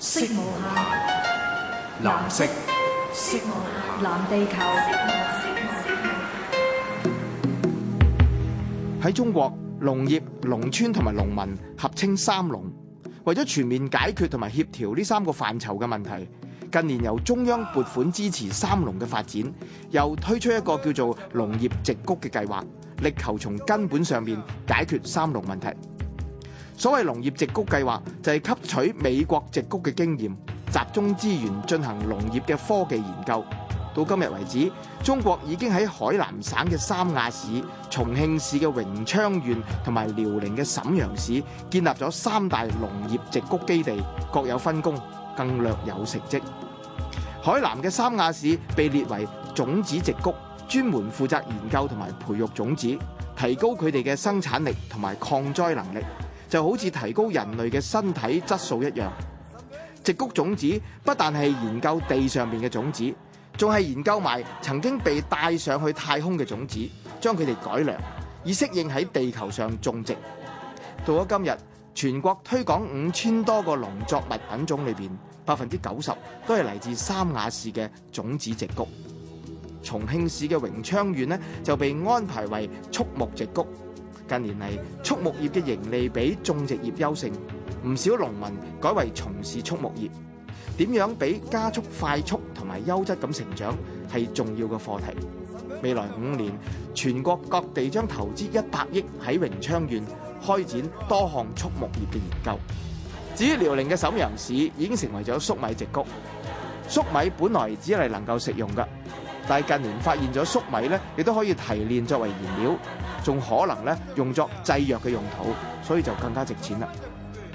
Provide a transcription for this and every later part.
色無限，藍色，色無限，藍地球。喺中國，農業、農村同埋農民合稱三農。為咗全面解決同埋協調呢三個範疇嘅問題，近年由中央撥款支持三農嘅發展，又推出一個叫做農業矽谷嘅計劃，力求從根本上面解決三農問題。所謂農業植谷計劃就係吸取美國植谷嘅經驗，集中資源進行農業嘅科技研究。到今日為止，中國已經喺海南省嘅三亞市、重慶市嘅榮昌縣同埋遼寧嘅瀋陽市建立咗三大農業植谷基地，各有分工，更略有成績。海南嘅三亞市被列為種子植谷，專門負責研究同埋培育種子，提高佢哋嘅生產力同埋抗災能力。就好似提高人類嘅身體質素一樣。植谷種子不但係研究地上面嘅種子，仲係研究埋曾經被帶上去太空嘅種子，將佢哋改良，以適應喺地球上種植。到咗今日，全國推廣五千多個農作物品種裏邊，百分之九十都係嚟自三亞市嘅種子植谷。重慶市嘅榮昌縣呢就被安排為畜牧植谷。近年嚟，畜牧業嘅盈利比種植業優勝，唔少農民改為從事畜牧業。點樣俾加速快速同埋優質咁成長係重要嘅課題。未來五年，全國各地將投資一百億喺榮昌縣開展多項畜牧業嘅研究。至於遼寧嘅瀋陽市，已經成為咗粟米植谷。粟米本來只係能夠食用㗎。但近年發現咗粟米咧，亦都可以提煉作為燃料，仲可能咧用作製藥嘅用途，所以就更加值錢啦。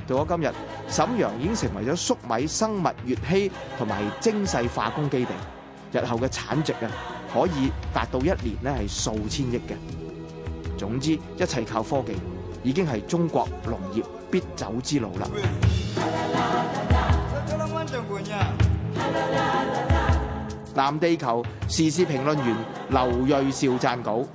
到咗今日，沈陽已經成為咗粟米生物乙烯同埋精細化工基地，日後嘅產值啊，可以達到一年咧係數千億嘅。總之一切靠科技，已經係中國農業必走之路啦，啦，啦。藍地球時事評論員劉銳紹撰稿。